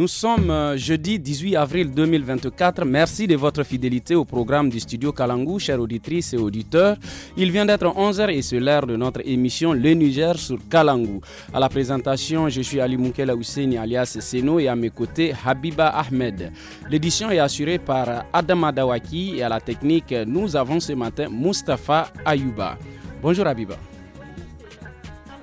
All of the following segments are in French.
Nous sommes euh, jeudi 18 avril 2024. Merci de votre fidélité au programme du studio Kalangou, chères auditrices et auditeurs. Il vient d'être 11h et c'est l'heure de notre émission Le Niger sur Kalangou. À la présentation, je suis Ali Moukela Hussein alias Seno et à mes côtés Habiba Ahmed. L'édition est assurée par Adama Dawaki et à la technique, nous avons ce matin Mustapha Ayouba. Bonjour Habiba.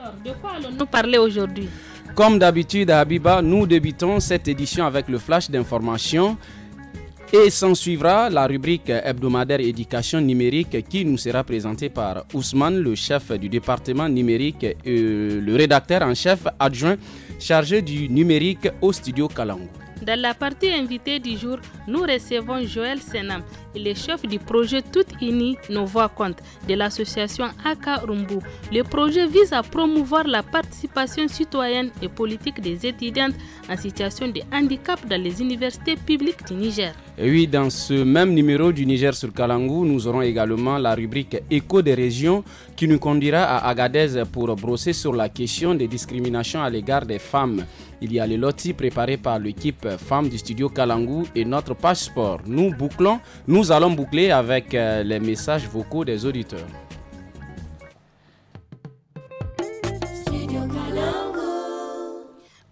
Alors, de quoi allons-nous parler aujourd'hui comme d'habitude à Abiba, nous débutons cette édition avec le flash d'information et s'en suivra la rubrique hebdomadaire éducation numérique qui nous sera présentée par Ousmane, le chef du département numérique et le rédacteur en chef adjoint chargé du numérique au studio Kalango. Dans la partie invitée du jour, nous recevons Joël Senam. le chef du projet Tout Unis Nos Voix Compte de l'association Aka Rumbu. Le projet vise à promouvoir la participation citoyenne et politique des étudiantes en situation de handicap dans les universités publiques du Niger. oui, dans ce même numéro du Niger sur Kalangou, nous aurons également la rubrique Écho des régions qui nous conduira à Agadez pour brosser sur la question des discriminations à l'égard des femmes. Il y a le lotis préparé par l'équipe femme du studio Kalangu et notre passeport. Nous bouclons, nous allons boucler avec euh, les messages vocaux des auditeurs.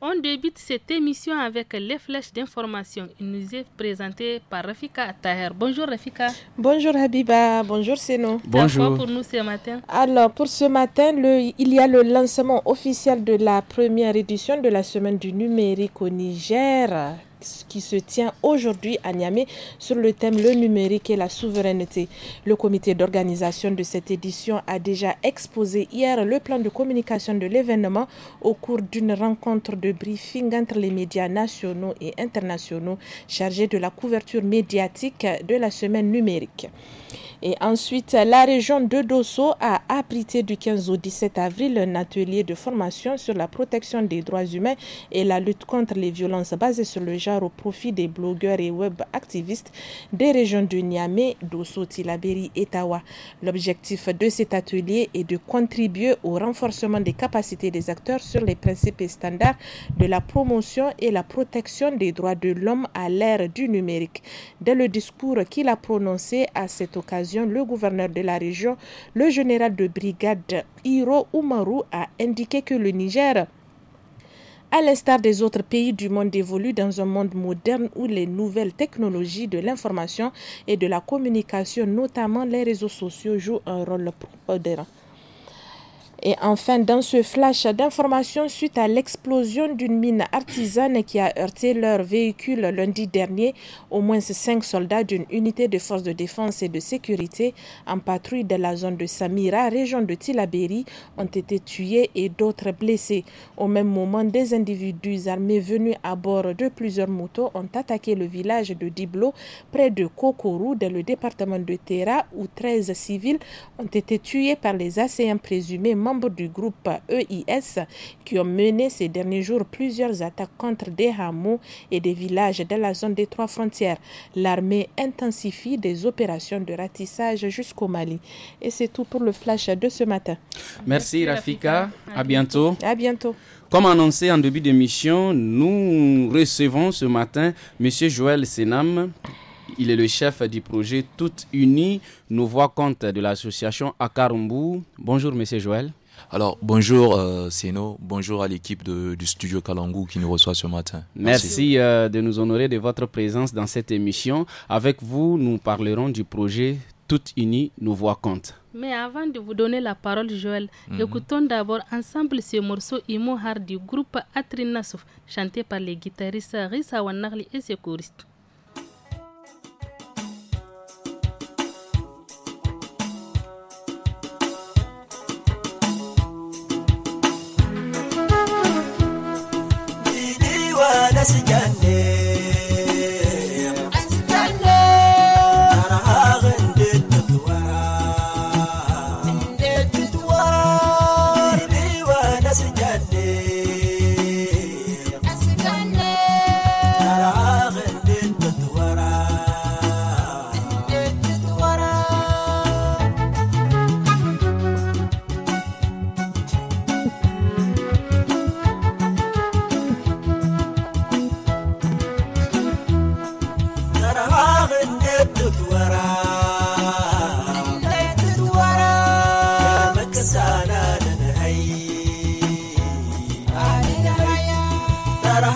On débute cette émission avec les flèches d'information. Il nous est présenté par Rafika Taher. Bonjour Rafika. Bonjour Habiba. Bonjour Seno. Bonjour. pour nous ce matin Alors, pour ce matin, il y a le lancement officiel de la première édition de la semaine du numérique au Niger qui se tient aujourd'hui à Niamey sur le thème Le numérique et la souveraineté. Le comité d'organisation de cette édition a déjà exposé hier le plan de communication de l'événement au cours d'une rencontre de briefing entre les médias nationaux et internationaux chargés de la couverture médiatique de la semaine numérique. Et ensuite, la région de Dosso a abrité du 15 au 17 avril un atelier de formation sur la protection des droits humains et la lutte contre les violences basées sur le genre au profit des blogueurs et web activistes des régions de Niamey, Dosso, Tilaberi et Tawa. L'objectif de cet atelier est de contribuer au renforcement des capacités des acteurs sur les principes et standards de la promotion et la protection des droits de l'homme à l'ère du numérique. Dès le discours qu'il a prononcé à cette occasion, le gouverneur de la région, le général de brigade Hiro Umaru, a indiqué que le Niger à l'instar des autres pays du monde évolue dans un monde moderne où les nouvelles technologies de l'information et de la communication, notamment les réseaux sociaux, jouent un rôle prépondérant. Et enfin, dans ce flash d'informations suite à l'explosion d'une mine artisane qui a heurté leur véhicule lundi dernier, au moins cinq soldats d'une unité de forces de défense et de sécurité en patrouille de la zone de Samira, région de Tilaberi, ont été tués et d'autres blessés. Au même moment, des individus armés venus à bord de plusieurs motos ont attaqué le village de Diblo, près de Kokorou, dans le département de Terra, où 13 civils ont été tués par les assaillants présumés membres du groupe EIS qui ont mené ces derniers jours plusieurs attaques contre des hameaux et des villages dans la zone des trois frontières. L'armée intensifie des opérations de ratissage jusqu'au Mali. Et c'est tout pour le flash de ce matin. Merci, Rafika. À, bientôt. À bientôt. Comme annoncé en début d'émission, nous recevons ce matin M. Joël Senam. Il est le chef du projet Tout unis, nous voix compte de l'association Akarumbu. Bonjour, M. Joël. Alors, bonjour euh, bonjour à l'équipe du studio Kalangou qui nous reçoit ce matin. Merci, euh, de nous honorer de votre présence dans cette émission. Avec vous, nous parlerons du projet Tout Unies, nous voix compte. Mais avant de vous donner la parole, Joël, mhm. écoutons d'abord ensemble ce morceau imohar du groupe Atrinasuf, chanté par les guitaristes Risa Wanarli et ses si jannee.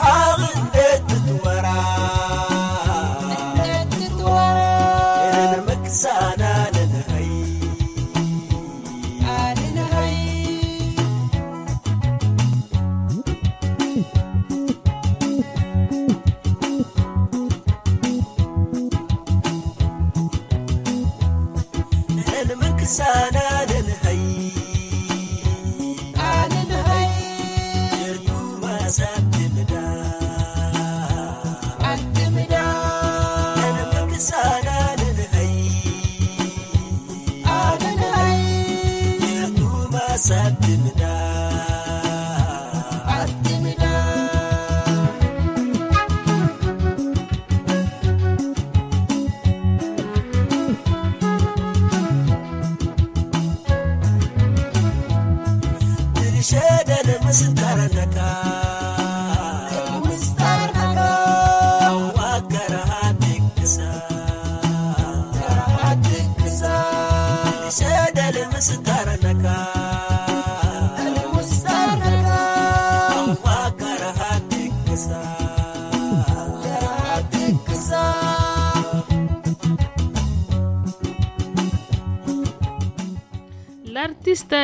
haqin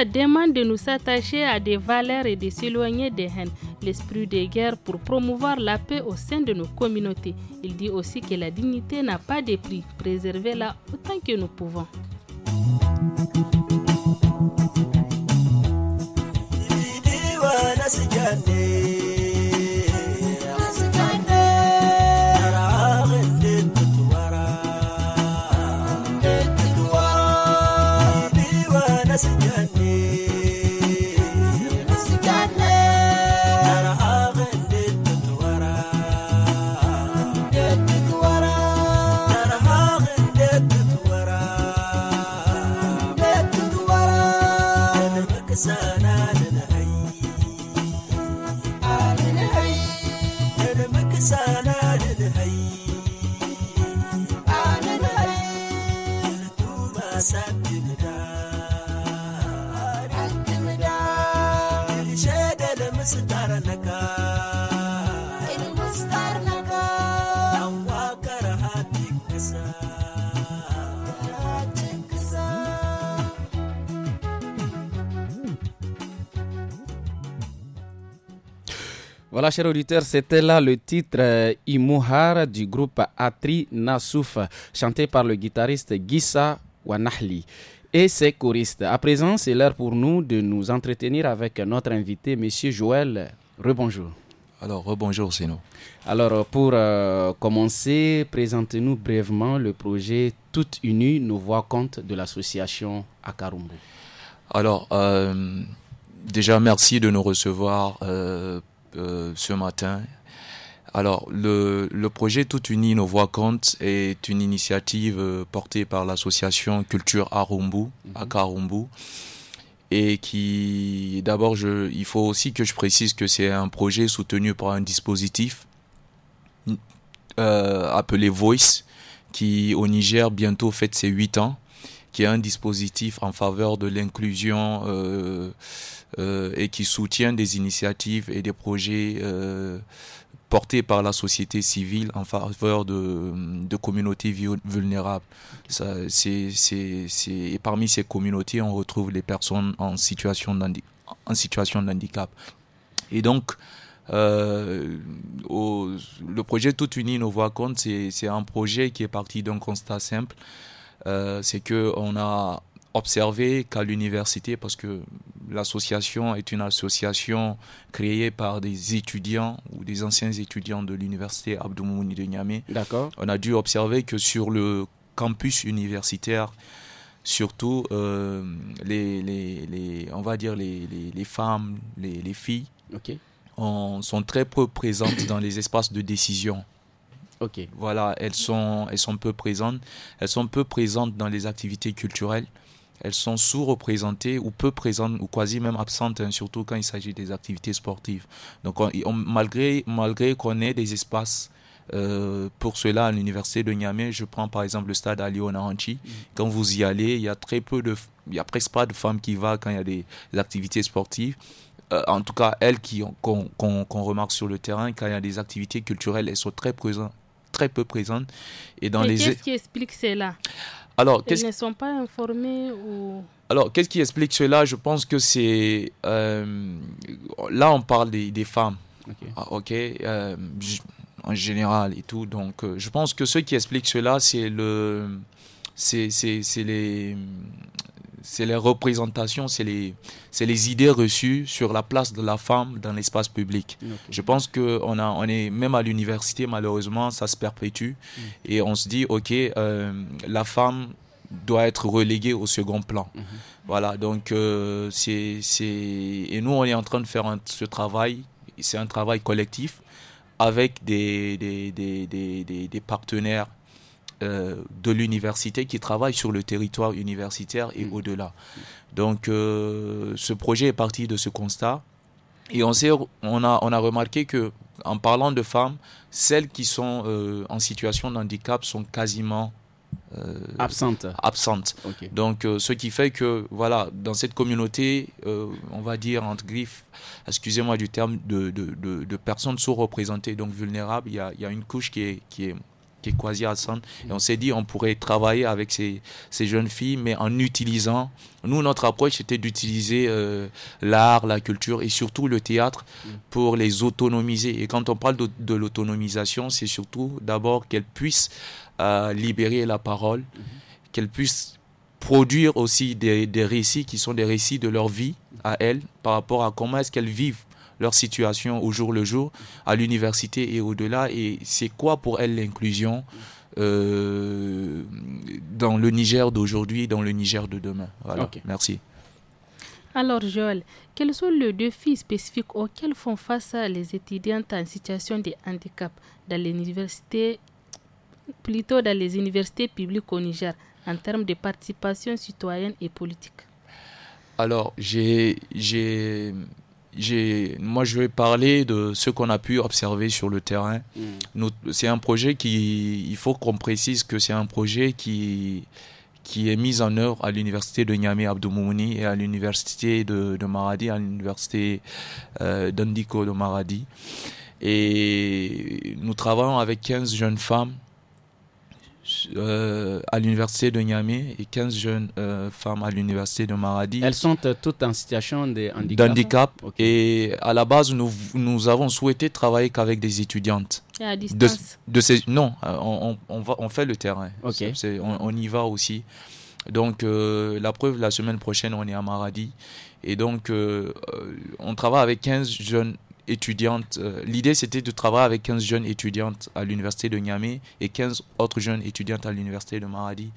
demande de nous attacher à des valeurs et de s'éloigner des haines, l'esprit des guerres pour promouvoir la paix au sein de nos communautés. Il dit aussi que la dignité n'a pas de prix, préservez-la autant que nous pouvons. chers auditeurs, c'était là le titre euh, Imuhar du groupe Atri Nasuf, chanté par le guitariste Gissa Wanahli et ses choristes. À présent, c'est l'heure pour nous de nous entretenir avec notre invité, M. Joël. Rebonjour. Alors, rebonjour, nous Alors, pour euh, commencer, présentez-nous brièvement le projet Toutes Unies, nos voix compte de l'association Akarumbu. Alors, euh, déjà, merci de nous recevoir euh, ce matin. Alors, le, projet tout unis Nos Voix Compte est une initiative euh, portée par l'association Culture Arumbu, à mhm. Et qui, d'abord, il faut aussi que je précise que c'est un projet soutenu par un dispositif euh, appelé Voice, qui au Niger bientôt fête ses 8 ans qui est un dispositif en faveur de l'inclusion euh, euh, et qui soutient des initiatives et des projets euh, portés par la société civile en faveur de, communautés vulnérables. Ça, et parmi ces communautés, on retrouve les personnes en situation, en situation de handicap. Et donc, le projet Tout unis Nos Voix Compte, c'est, c'est un projet qui est parti d'un constat simple. Euh, c'est c'est qu'on a observé qu'à l'université, parce que l'association est une association créée par des étudiants ou des anciens étudiants de l'université Abdoumouni de Niamey. D'accord. On a dû observer que sur le campus universitaire, surtout euh, les, on va dire les, femmes, les, filles, sont très peu présentes dans les espaces de décision. Ok. Voilà, elles sont, elles sont peu présentes. Elles sont peu présentes dans les activités culturelles. Elles sont sous-représentées ou peu présentes ou quasi même absentes, hein, surtout quand il s'agit des activités sportives. Donc, malgré, malgré qu'on ait des espaces euh, pour cela, à l'université de Niamey, je prends par exemple le stade à lyon mm. Quand vous y allez, il y a très peu de, il y a presque pas de femmes qui vont quand il y a des, activités sportives. Euh, en tout cas, elles qui qu'on remarque sur le terrain, quand il y a des activités culturelles, elles sont très présentes, très peu présentes. Et dans Mais les... qu'est-ce qui explique cela Alors, ne sont pas informés Alors, qu'est-ce qui explique cela Je pense que c'est... Euh, là, on parle des, femmes. OK. Ah, euh, en général et tout. Donc, euh, je pense que ce qui explique cela, c'est le... C'est les c'est les représentations, c'est les, les idées reçues sur la place de la femme dans l'espace public. Je pense que on a, on est même à l'université malheureusement, ça se perpétue mm. et on se dit ok, euh, la femme doit être reléguée au second plan. Mm-hmm. Voilà, donc euh, c'est, et nous on est en train de faire ce travail. C'est un travail collectif avec des, des partenaires euh, de l'université qui travaille sur le territoire universitaire et mm. au-delà. Donc euh, ce projet est parti de ce constat et on, on, a, on a remarqué que en parlant de femmes, celles qui sont euh, en situation de handicap sont quasiment Absentes. Absentes. Donc, ce qui fait que, voilà, dans cette communauté, on va dire entre griffes, excusez-moi du terme, de, personnes sous-représentées, donc vulnérables, il y a, une couche qui est, qui est qui Et on s'est dit, on pourrait travailler avec ces, jeunes filles, mais en utilisant. Nous, notre approche, c'était d'utiliser euh, l'art, la culture et surtout le théâtre pour les autonomiser. Et quand on parle de, l'autonomisation, c'est surtout d'abord qu'elles puissent euh, libérer la parole, qu'elles puissent produire aussi des, des récits qui sont des récits de leur vie à elles par rapport à comment est-ce qu'elles vivent leur situation au jour le jour à l'université et au-delà et c'est quoi pour elle l'inclusion euh, dans le Niger d'aujourd'hui dans le Niger de demain. Voilà, merci. Alors Joël, quels sont les défis spécifiques auxquels font face les étudiantes en situation de handicap dans les universités, plutôt dans les universités publiques au Niger, en termes de participation citoyenne et politique Alors, j'ai moi je vais parler de ce qu'on a pu observer sur le terrain. Mm. C'est un projet qui, il faut qu'on précise que c'est un projet qui, qui est mis en œuvre à l'université de Niamey Abdoumouni et à l'université de, Maradi, à l'université euh, d'Andiko de Maradi. Et nous travaillons avec 15 jeunes femmes euh, à l'université de Niamey et 15 jeunes euh, femmes à l'université de Maradi. Elles sont euh, toutes en situation de handicap. Et à la base, nous, avons souhaité travailler qu'avec des étudiantes. Et à distance de, ces, Non, on, va, on fait le terrain. on, on, y va aussi. Donc, la preuve, la semaine prochaine, on est à Maradi. Et donc, on travaille avec 15 jeunes étudiantes. Euh, l'idée, c'était de travailler avec 15 jeunes étudiantes à l'université de Niamey et 15 autres jeunes étudiantes à l'université de Maradi.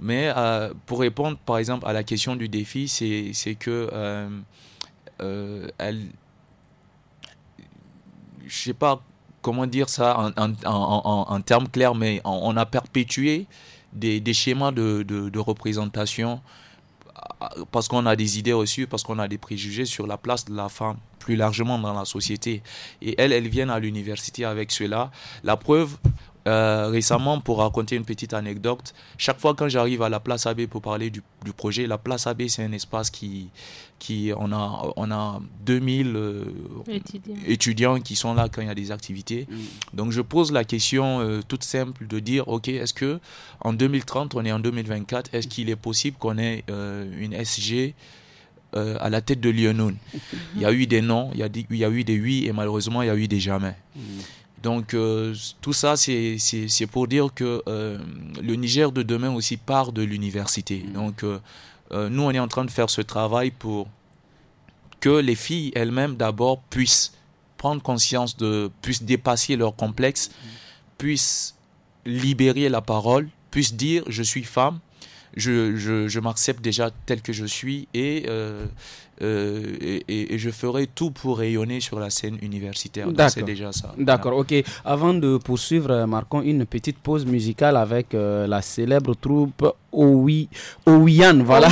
Mais euh, pour répondre, par exemple, à la question du défi, c'est que euh, euh, elle, je sais pas comment dire ça en, termes clairs, mais on, a perpétué des, schémas de, de représentation parce qu'on a des idées reçues, parce qu'on a des préjugés sur la place de la femme plus largement dans la société. Et elles, elles viennent à l'université avec cela. La preuve, euh, récemment, pour raconter une petite anecdote, chaque fois quand j'arrive à la place AB pour parler du, du projet, la place AB, c'est un espace qui, qui on a on a 2000 euh, étudiants. qui sont là quand il y a des activités. Mm. Donc je pose la question euh, toute simple de dire OK, est-ce que en 2030 on est en 2024, est-ce qu'il est possible qu'on ait euh, une SG à la tête de Lyonoun. Il y a eu des noms, il y a, il y a eu des oui et malheureusement, il y a eu des jamais. Mm. Donc, tout ça, c'est pour dire que le Niger de demain aussi part de l'université. Mm. Donc, euh, nous, on est en train de faire ce travail pour que les filles elles-mêmes d'abord puissent prendre conscience de, puissent dépasser leur complexe, puissent libérer la parole, puissent dire je suis femme, je, je, je m'accepte déjà tel que je suis euh, euh, et, et, je ferai tout pour rayonner sur la scène universitaire. C'est déjà ça. D'accord, hein. ok. Avant de poursuivre, euh, marquons une petite pause musicale avec la célèbre troupe Owi, Ouyan. Voilà,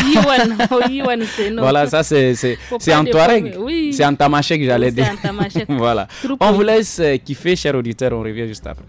voilà ça c'est en Touareg. Oui. C'est en Tamashek, j'allais dire. En voilà. On vous laisse kiffer, chers auditeurs. On revient juste après.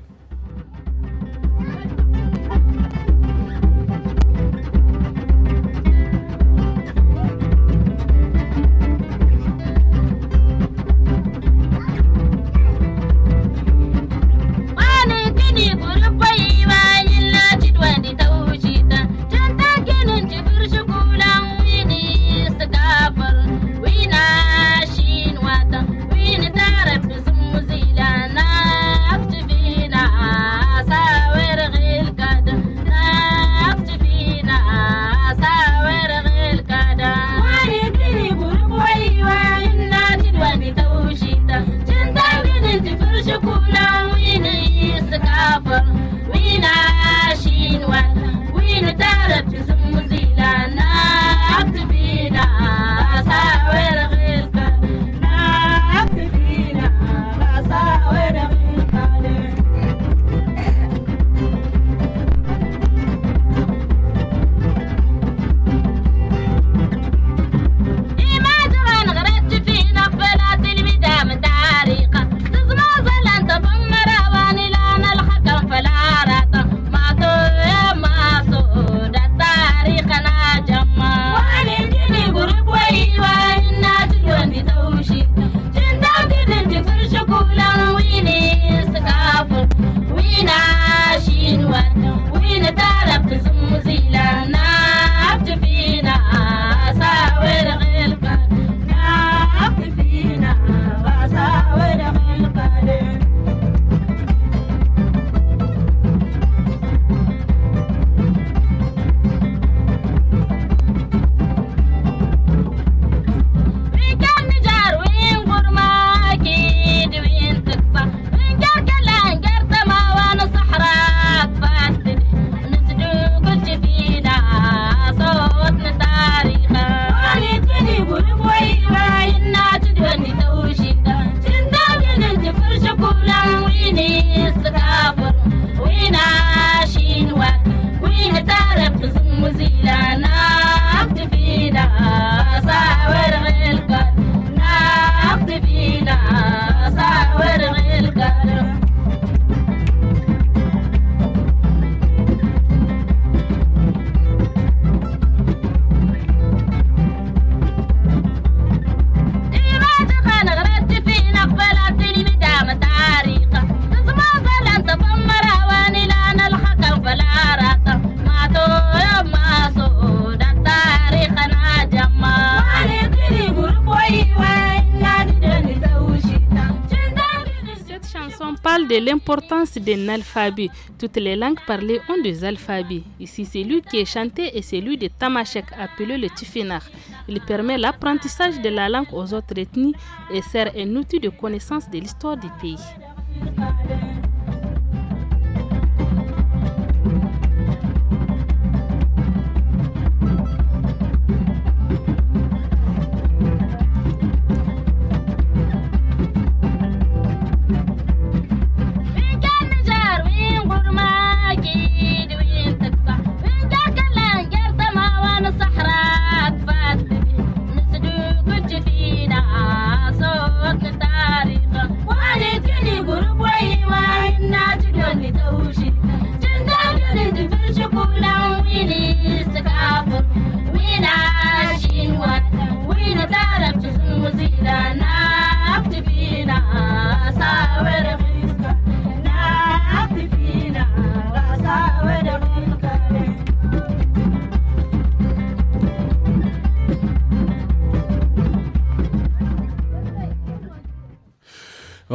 l'importance d'un alphabet. Toutes les langues parlées ont des alphabets. Ici, c'est lui qui est chanté est celui de Tamashek, appelé le Tifinagh. Il permet l'apprentissage de la langue aux autres ethnies et sert un outil de connaissance de l'histoire du pays.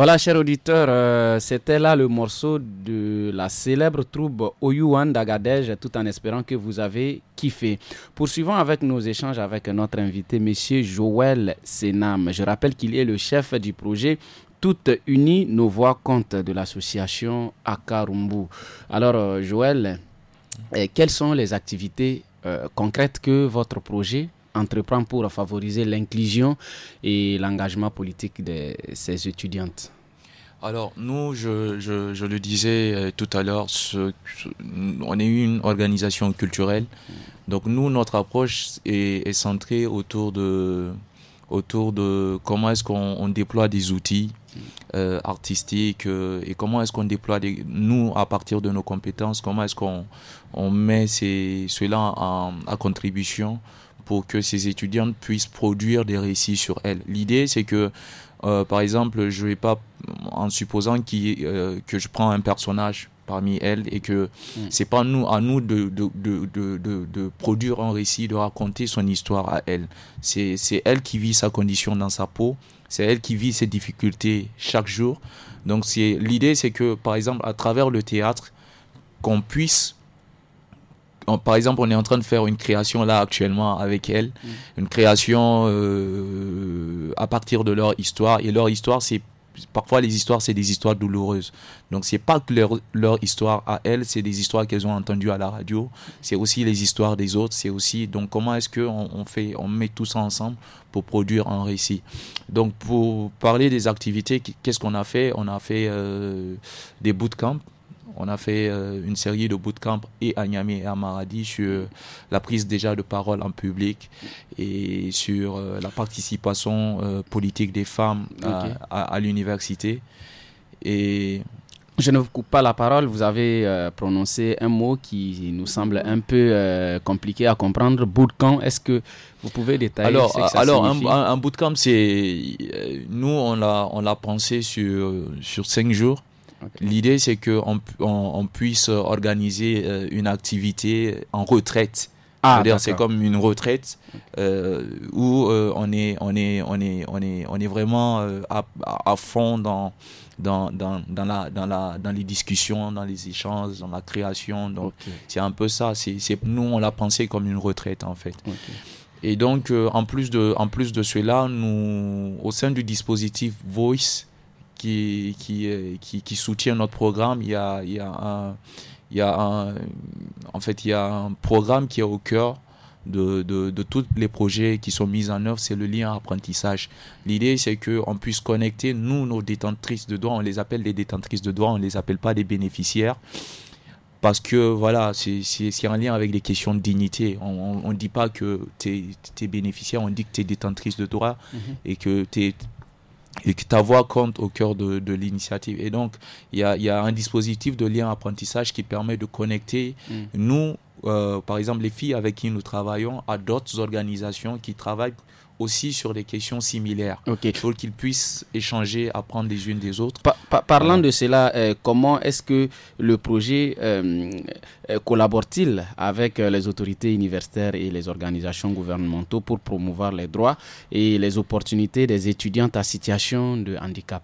Voilà, chers auditeurs, euh, c'était là le morceau de la célèbre troupe Oyuan d'Agadej, tout en espérant que vous avez kiffé. Poursuivons avec nos échanges avec notre invité, M. Joël Senam. Je rappelle qu'il est le chef du projet Toutes Unies Nos Voix Compte de l'association Akarumbu. Alors, euh, Joël, euh, quelles sont les activités concrètes que votre projet entreprend pour favoriser l'inclusion et l'engagement politique de ses étudiantes alors, nous, je, je, je le disais euh, tout à l'heure, on est une organisation culturelle. Donc, nous, notre approche est, centrée autour de, autour de comment est-ce qu'on déploie des outils euh, artistiques euh, et comment est-ce qu'on déploie, des, nous, à partir de nos compétences, comment est-ce qu'on on met ces, cela en, à contribution pour que ces étudiantes puissent produire des récits sur elles. L'idée, c'est que euh, par exemple, je vais pas en supposant euh, que je prends un personnage parmi elles et que mm. c'est pas nous à nous de de, de, produire un récit, de raconter son histoire à elle. C'est elle qui vit sa condition dans sa peau, c'est elle qui vit ses difficultés chaque jour. Donc l'idée, c'est que par exemple à travers le théâtre, qu'on puisse par exemple, on est en train de faire une création là actuellement avec elle, mm. une création euh, à partir de leur histoire. Et leur histoire, c'est parfois les histoires, c'est des histoires douloureuses. Donc c'est pas que leur, leur, histoire à elles, c'est des histoires qu'elles ont entendues à la radio. C'est aussi les histoires des autres. C'est aussi donc comment est-ce que on, fait, on met tout ça ensemble pour produire un récit. Donc pour parler des activités, qu'est-ce qu'on a fait On a fait euh, des bootcamps on a fait euh, une série de bootcamps et à Niamey et à Maradi sur la prise déjà de parole en public et sur euh, la participation euh, politique des femmes à, l'université. Et je ne vous coupe pas la parole, vous avez prononcé un mot qui nous semble un peu compliqué à comprendre. Bootcamp, est-ce que vous pouvez détailler alors, ce ça Alors, un, bootcamp, c'est. Nous, on l'a pensé sur, sur cinq jours. L'idée, c'est qu'on on, puisse organiser euh, une activité en retraite. Ah, c'est comme une retraite euh, où euh, on, est, on, est, on, est, on, est, on est vraiment à, fond dans, dans, dans, dans, la, dans, la, dans les discussions, dans les échanges, dans la création. Donc, c'est un peu ça. C'est, nous, on l'a pensé comme une retraite, en fait. Et donc, en, plus de, en plus de cela, nous, au sein du dispositif Voice, euh, qui, qui, soutient notre programme. Il y a, un, en fait, il y un programme qui est au cœur de, de, tous les projets qui sont mis en œuvre, c'est le lien apprentissage. L'idée, c'est qu'on puisse connecter, nous, nos détentrices de droits, on les appelle des détentrices de droits, on ne les appelle pas des bénéficiaires, parce que, voilà, c'est un lien avec les questions de dignité. On ne dit pas que tu es, bénéficiaire, on dit que tu es détentrice de droits mhm. et que tu es et que ta voix compte au cœur de, l'initiative. Et donc, il y a, un dispositif de lien apprentissage qui permet de connecter mm. nous, euh, par exemple, les filles avec qui nous travaillons, à d'autres organisations qui travaillent aussi sur des questions similaires il pour qu'ils puissent échanger, apprendre les unes des autres. parlant euh, de cela, euh, comment est-ce que le projet euh, collabore-t-il avec les autorités universitaires et les organisations gouvernementaux pour promouvoir les droits et les opportunités des étudiantes à situation de handicap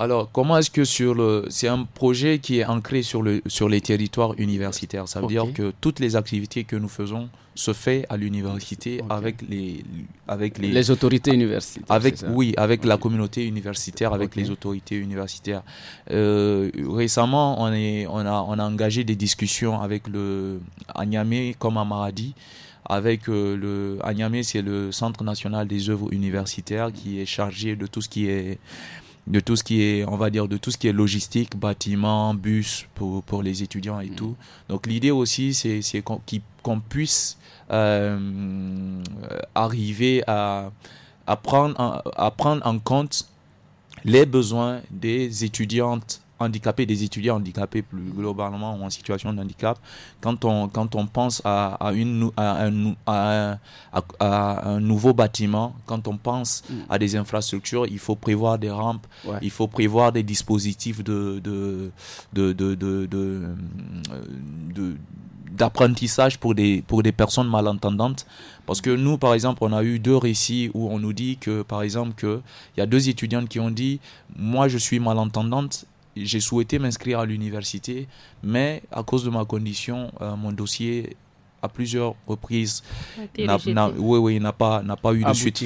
alors, comment est-ce que sur le. C'est un projet qui est ancré sur, le, sur les territoires universitaires. Ça veut dire que toutes les activités que nous faisons se fait à l'université avec, les, avec les. Les autorités universitaires. Avec, oui, avec la communauté universitaire, avec les autorités universitaires. Euh, récemment, on, est, on, a, on a engagé des discussions avec le. Agname comme à Maradi avec euh, le c'est le Centre national des œuvres universitaires qui est chargé de tout ce qui est de tout ce qui est, on va dire, de tout ce qui est logistique, bâtiment, bus pour, les étudiants et mm. tout. Donc l'idée aussi, c'est, qu'on, puisse euh, arriver à, prendre, à prendre en compte les besoins des étudiantes handicapés, des étudiants handicapés plus globalement ou en situation de handicap, quand on, quand on pense à, une, à un, à, un, nouveau bâtiment, quand on pense mm. à des infrastructures, il faut prévoir des rampes, il faut prévoir des dispositifs de, de, de, d'apprentissage pour des, pour des personnes malentendantes. Parce que nous, par exemple, on a eu deux récits où on nous dit que, par exemple, qu'il y a deux étudiantes qui ont dit, moi, je suis malentendante j'ai souhaité m'inscrire à l'université, mais à cause de ma condition, euh, mon dossier à plusieurs reprises, n'a, oui, n'a pas, n'a pas eu de suite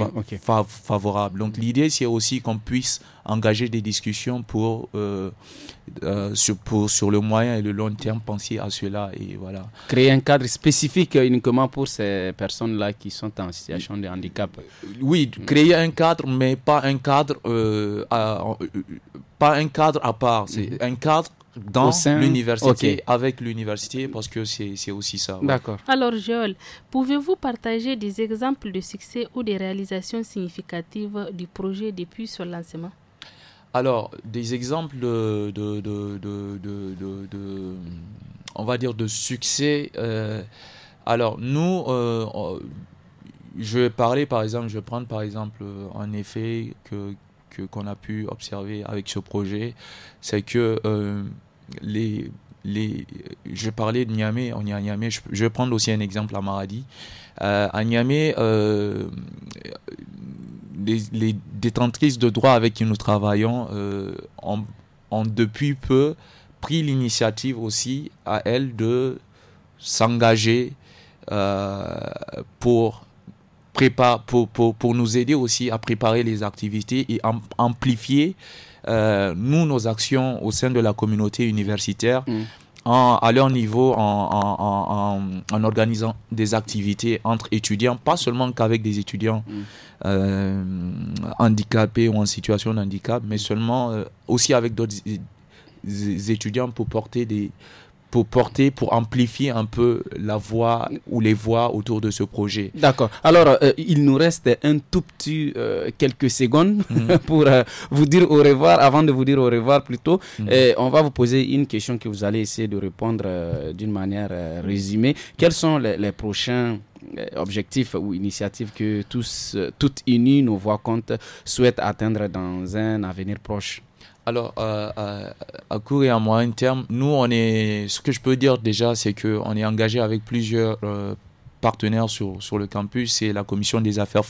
favorable. Donc l'idée, c'est aussi qu'on puisse engager des discussions pour, euh, euh, sur, pour, sur le moyen et le long terme, penser à cela. Et voilà. Créer un cadre spécifique uniquement pour ces personnes-là qui sont en situation de handicap. Oui, créer un cadre, mais pas un cadre, euh, à, euh, pas un cadre à part. C'est mhm. un cadre dans l'université, avec l'université, parce que c'est aussi ça. D'accord. Alors, Joël, pouvez-vous partager des exemples de succès ou des réalisations significatives du projet depuis son lancement Alors, des exemples de, de, de, de on va dire, de succès. Euh, alors, nous, euh, je vais parler, par exemple, je vais prendre, par exemple, un effet que que qu'on a pu observer avec ce projet, c'est que euh, les les, je parlais de Niamey, on y a Niamey. Je, vais prendre aussi un exemple à Maradi. Euh, à Niamey, euh, les, détentrices de droits avec qui nous travaillons euh, ont, depuis peu pris l'initiative aussi à elles de s'engager pour pour, nous aider aussi à préparer les activités et amplifier euh, nous nos actions au sein de la communauté universitaire. Mm. à leur niveau en, organisant des activités entre étudiants, pas seulement qu'avec des étudiants mm. euh, handicapés ou en situation de handicap, mais seulement euh, aussi avec d'autres étudiants pour porter des pour porter, pour amplifier un peu la voix ou les voix autour de ce projet. D'accord. Alors, euh, il nous reste un tout petit euh, quelques secondes mhm. pour euh, vous dire au revoir. Avant de vous dire au revoir, plutôt, mhm. et on va vous poser une question que vous allez essayer de répondre d'une manière résumée. Quels sont les, prochains objectifs ou initiatives que tous, toutes unies, nos voix comptent, souhaitent atteindre dans un avenir proche alors, euh, euh, à, court et à moyen terme, nous, on est, ce que je peux dire déjà, c'est qu'on est engagé avec plusieurs euh, partenaires sur, sur le campus et la commission des affaires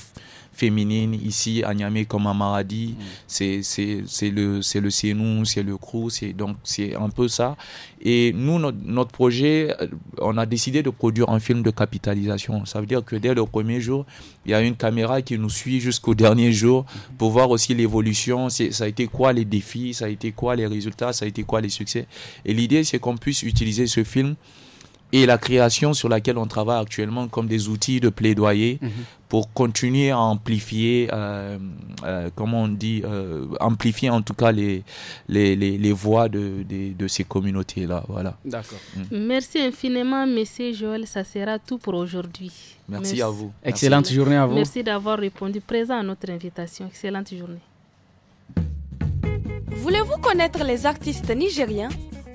féminine ici à Niamey comme à Maradi. Mm. C'est, c'est, c'est le, c'est le c'est le CRU, c'est, donc c'est un peu ça. Et nous, notre, projet, euh, on a décidé de produire un film de capitalisation. Ça veut dire que dès le premier jour, il y a une caméra qui nous suit jusqu'au dernier jour pour voir aussi l'évolution. C'est, ça a été quoi les défis, ça a été quoi les résultats, ça a été quoi les succès. Et l'idée, c'est qu'on puisse utiliser ce film et la création sur laquelle on travaille actuellement comme des outils de plaidoyer mhm. pour continuer à amplifier, euh, euh, comment on dit, euh, amplifier en tout cas les, les, les, voix de, de, de ces communautés-là. Voilà. D'accord. Mm. Merci infiniment, Monsieur Joël. Ça sera tout pour aujourd'hui. Merci, à vous. Excellente journée à vous. Merci d'avoir répondu présent à notre invitation. Excellente journée. Voulez-vous connaître les artistes nigériens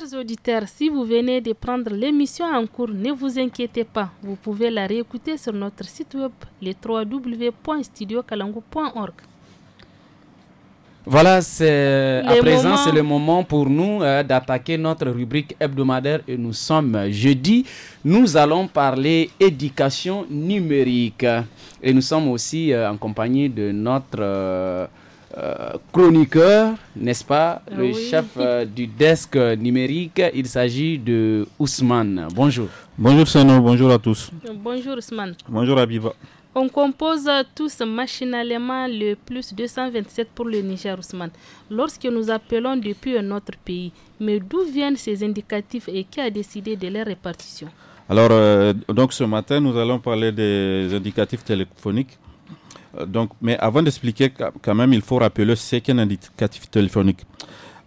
Chers auditeurs, si vous venez de prendre l'émission en cours, ne vous inquiétez pas. Vous pouvez la réécouter sur notre site web, le www.studiocalango.org. Voilà, c'est à présent, c'est le moment pour nous euh, d'attaquer notre rubrique hebdomadaire et nous sommes jeudi. Nous allons parler éducation numérique et nous sommes aussi euh, en compagnie de notre. Euh, euh, chroniqueur, n'est-ce pas, ah le chef euh, du desk euh, numérique. Il s'agit de Ousmane. Bonjour. Bonjour Sano, bonjour à tous. Bonjour Ousmane. Bonjour Abiba. On compose tous machinalement le plus 227 pour le Niger Ousmane, lorsque nous appelons depuis un autre pays. Mais d'où viennent ces indicatifs et qui a décidé de leur répartition Alors, donc ce matin, nous allons parler des indicatifs téléphoniques euh, donc, mais avant d'expliquer, quand même, il faut rappeler ce qu'est un indicatif téléphonique.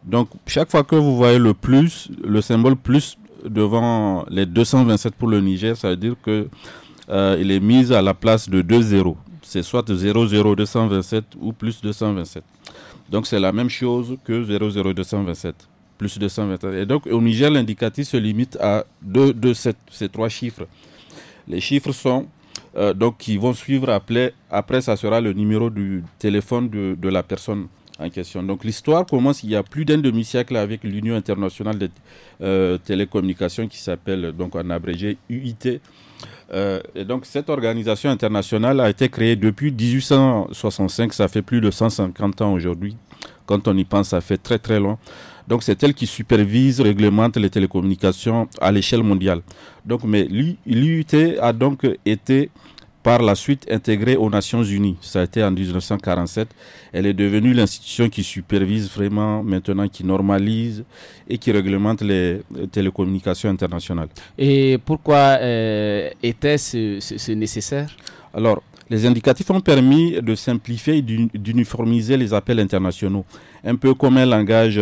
Donc, chaque fois que vous voyez le plus, le symbole plus devant les 227 pour le Niger, ça veut dire que euh, il est mis à la place de 2 zéros. C'est soit 00227 ou plus 227. Donc, c'est la même chose que 00227 plus 227. Et donc, au Niger, l'indicatif se limite à 227, ces trois chiffres. Les chiffres sont euh, donc qui vont suivre après, après ça sera le numéro du téléphone de, la personne en question. Donc l'histoire commence il y a plus d'un demi-siècle avec l'Union internationale des euh, télécommunications qui s'appelle donc en abrégé UIT. Euh, et donc cette organisation internationale a été créée depuis 1865, ça fait plus de 150 ans aujourd'hui. Quand on y pense, ça fait très très long. Donc c'est elle qui supervise, réglemente les télécommunications à l'échelle mondiale. Donc mais l'IUT a donc été par la suite intégrée aux Nations Unies. Ça a été en 1947. Elle est devenue l'institution qui supervise vraiment maintenant, qui normalise et qui réglemente les télécommunications internationales. Et pourquoi euh, était ce, ce nécessaire Alors, les indicatifs ont permis de simplifier et d'uniformiser les appels internationaux, un peu comme un langage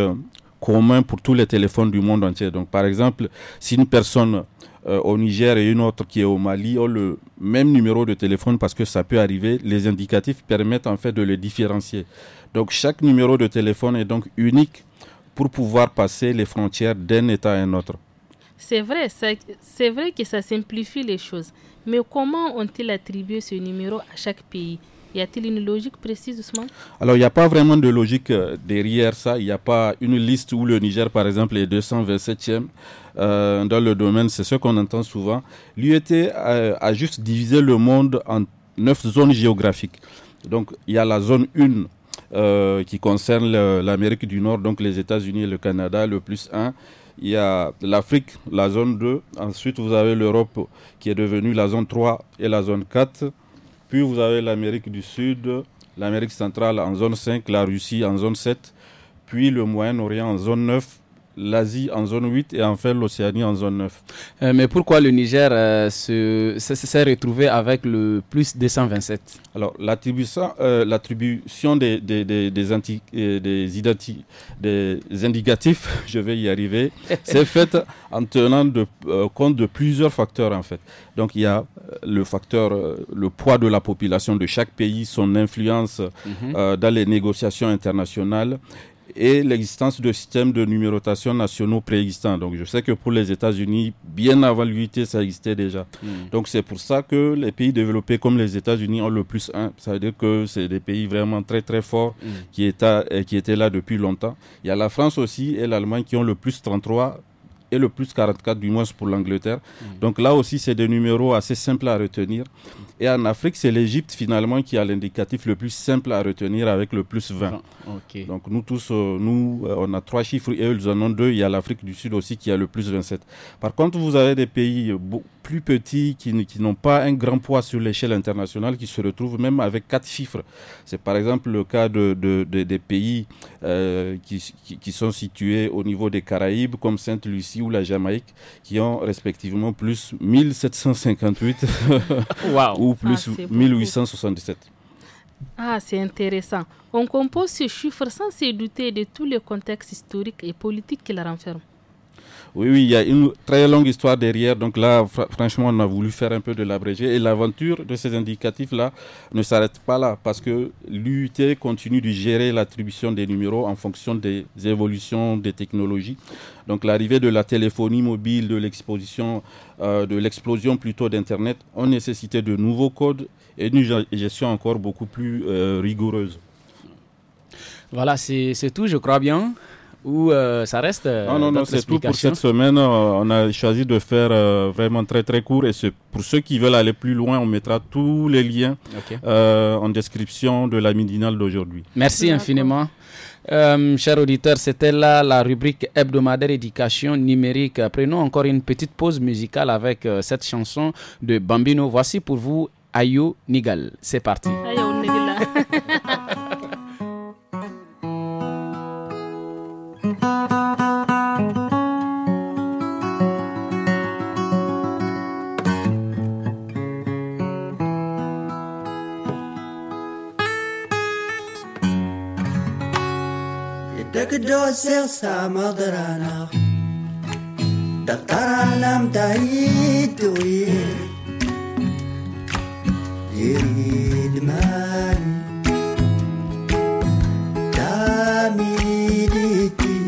commun pour tous les téléphones du monde entier. Donc, par exemple, si une personne euh, au Niger et une autre qui est au Mali ont le même numéro de téléphone parce que ça peut arriver, les indicatifs permettent en fait de les différencier. Donc, chaque numéro de téléphone est donc unique pour pouvoir passer les frontières d'un État à un autre. C'est vrai, c'est vrai que ça simplifie les choses. Mais comment ont-ils attribué ce numéro à chaque pays y a-t-il une logique précise, Alors, il n'y a pas vraiment de logique euh, derrière ça. Il n'y a pas une liste où le Niger, par exemple, est 227e euh, dans le domaine. C'est ce qu'on entend souvent. L'UET a, juste divisé le monde en neuf zones géographiques. Donc, il y a la zone 1 euh, qui concerne l'Amérique du Nord, donc les États-Unis et le Canada, le plus 1. Il y a l'Afrique, la zone 2. Ensuite, vous avez l'Europe qui est devenue la zone 3 et la zone 4. Puis vous avez l'Amérique du Sud, l'Amérique centrale en zone 5, la Russie en zone 7, puis le Moyen-Orient en zone 9, l'Asie en zone 8 et enfin l'Océanie en zone 9. Euh, mais pourquoi le Niger euh, s'est se, retrouvé avec le plus de Alors, euh, l'attribution des, des, des, des, indicatifs, je vais y arriver, c'est faite en tenant compte de plusieurs facteurs en fait. Donc, il y a le facteur, le poids de la population de chaque pays, son influence mhm. dans les négociations internationales et l'existence de systèmes de numérotation nationaux préexistants. Donc je sais que pour les États-Unis, bien avant l'UIT, ça existait déjà. Hmm. Donc c'est pour ça que les pays développés comme les États-Unis ont le plus 1. Ça veut dire que c'est des pays vraiment très très forts hmm. qui, étaient, qui étaient là depuis longtemps. Il y a la France aussi et l'Allemagne qui ont le plus 33 et le plus 44 du moins pour l'Angleterre. Donc là aussi, c'est des numéros assez simples à retenir. Et en Afrique, c'est l'Égypte finalement qui a l'indicatif le plus simple à retenir avec le plus 20. Donc nous tous, euh, nous, euh, on a trois chiffres et eux, ils en ont deux. Il y a l'Afrique du Sud aussi qui a le plus 27. Par contre, vous avez des pays euh, plus petits, qui, n'ont pas un grand poids sur l'échelle internationale, qui se retrouvent même avec quatre chiffres. C'est par exemple le cas de, des pays euh, qui, sont situés au niveau des Caraïbes, comme Sainte-Lucie ou la Jamaïque, qui ont respectivement plus 1758 ou plus 1877. Ah, ah, c'est intéressant. On compose ce chiffre sans se douter de tous les contextes historiques et politiques la renferment. Oui, oui, il y a une très longue histoire derrière. Donc là, franchement, on a voulu faire un peu de l'abrégé. Et l'aventure de ces indicatifs-là ne s'arrête pas là, parce que l'UT continue de gérer l'attribution des numéros en fonction des évolutions des technologies. Donc l'arrivée de la téléphonie mobile, de l'exposition, euh, de l'explosion plutôt d'Internet, ont nécessité de nouveaux codes et une gestion encore beaucoup plus euh, rigoureuse. Voilà, c'est tout, je crois bien ou euh, ça reste euh, Non, non, non, c'est tout pour cette semaine. Euh, on a choisi de faire vraiment très très court et c'est pour ceux qui veulent aller plus loin, on mettra tous les liens en description de la midinale d'aujourd'hui. Merci infiniment. chers auditeurs, c'était là la rubrique hebdomadaire éducation numérique. Prenons encore une petite pause musicale avec cette chanson de Bambino. Voici pour vous Ayo Nigal. C'est parti. Ayo Nigal. doser sa madrana Daktara lam taitu يريد مال تاميديتي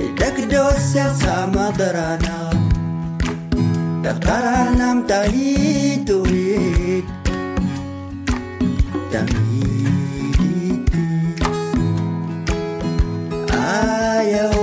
يدك دوسر سا مدرانا دكتور علم تهيد تريد تاميديتي Israel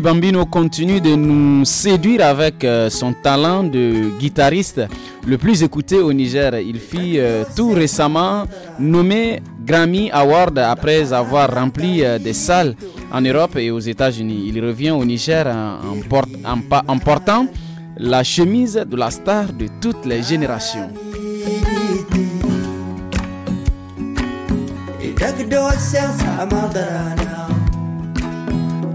Bambino continue de nous séduire avec euh, son talent de guitariste le plus écouté au Niger. Il fit euh, tout récemment nommé Grammy Award après avoir rempli euh, des salles en Europe et aux États-Unis. Il revient au Niger en, en portant la chemise de la star de toutes les générations.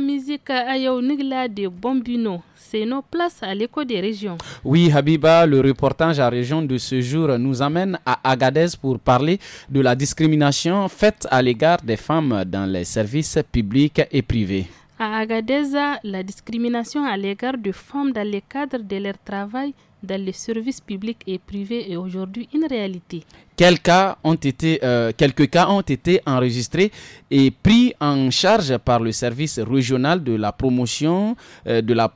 musique Ayo Nigla de Bombino. C'est nos places à l'écho des régions. Oui, Habiba, le reportage à région de ce jour nous amène à Agadez pour parler de la discrimination faite à l'égard des femmes dans les services publics et privés. À Agadez, la discrimination à l'égard des femmes dans les cadres de leur travail dans les services publics et privés est aujourd'hui une réalité. Euh, quelques cas ont été enregistrés et pris en charge par le service régional de la promotion euh, de, la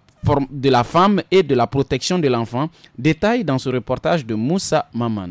de la femme et de la protection de l'enfant. Détail dans ce reportage de Moussa Maman.